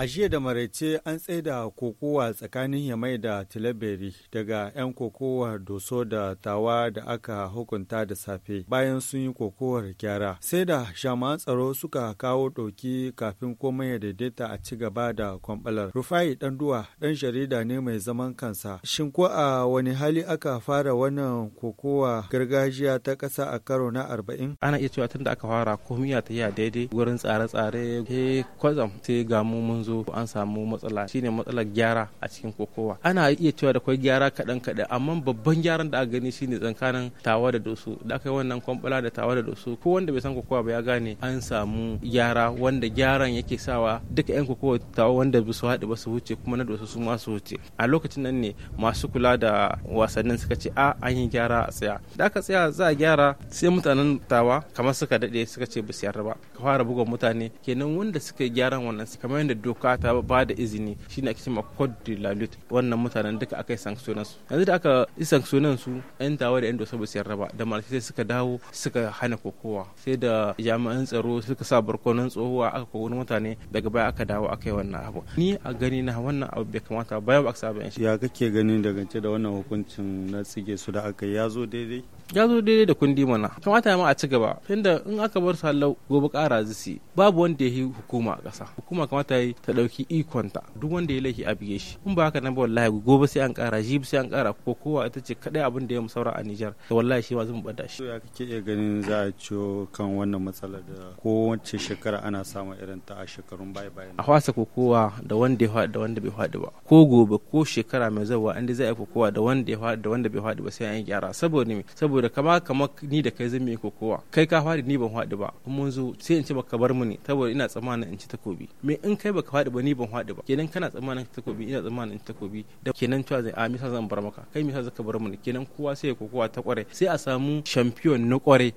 A jiya da maraice an tsaida kokowa tsakanin Yamai da Tilaberi daga 'yan kokowar Doso da Tawa da aka hukunta da safe bayan sun yi kokowar gyara. Sai da shaman tsaro suka kawo ɗauki kafin komai ya daidaita a ci gaba da kwamɓalar. Rufai duwa, ɗan jarida ne mai zaman kansa. Shin ko a wani hali aka fara wannan kokowa gargajiya ta ƙasa a karo na arba'in? Ana iya cewa tun da aka fara komiya ta yi daidai wurin tsare-tsare. He kwazam sai ga mu mun zo zo an samu matsala shine matsalar gyara a cikin kokowa ana iya cewa da kwai gyara kaɗan kaɗan amma babban gyaran da aka gani shine tsakanin tawa da dosu da aka yi wannan kwamfula da tawa da dosu ko wanda bai san kokowa ba ya gane an samu gyara wanda gyaran yake sawa duka yan kokowa tawa wanda ba su haɗu ba su wuce kuma na dosu su ma su wuce a lokacin nan ne masu kula da wasannin suka ce a an yi gyara a tsaya da aka tsaya za a gyara sai mutanen tawa kamar suka daɗe suka ce ba su yarda ba ka fara buga mutane kenan wanda suka yi gyaran wannan kamar yadda bukata ta ba da izini shine ake cewa code de la lutte wannan mutanen duka akai sanctionan su yanzu da aka yi sanctionan su yan tawa da yan dosa ba su yarda ba da sai suka dawo suka hana kokowa sai da jami'an tsaro suka sa barkonan tsohuwa aka kogo mutane daga baya aka dawo akai wannan abu ni a gani na wannan abu bai kamata bayan ba aka saba shi ya kake ganin dangance da wannan hukuncin na tsige su da aka ya zo daidai ya zo daidai da kundi mana kamata ma a ci gaba tunda in aka bar su halau gobe kara zisi babu wanda ya yi hukuma a ƙasa hukuma kamata ya yi ta dauki ikonta duk wanda ya laifi a bige shi in ba haka nan ba wallahi gobe sai an kara jibi sai an kara ko kowa ita ce kadai abin da ya musaura a Nijar da wallahi shi ma zan bada shi ya kake iya ganin za a ciyo kan wannan matsalar da kowace shekara ana samun irin ta a shekarun bai bai a hwasa kokowa da wanda ya da wanda bai faɗi ba ko gobe ko shekara mai zawa inda za a yi kokowa da wanda ya da wanda bai faɗi ba sai an gyara saboda me saboda kama kama ni da kai zan mai kokowa kai ka faɗi ni ban faɗi ba mun zo sai in ce baka bar mu ne saboda ina tsammanin in ci takobi me in kai baka Ka faɗi ba ni ban faɗi ba kenan kana tsammanin takobi ina tsammanin takobi da kenan cewa zai a misa zan bar maka kai misa zaka bar mu kenan kowa sai kowa ta kware sai a samu champion na kware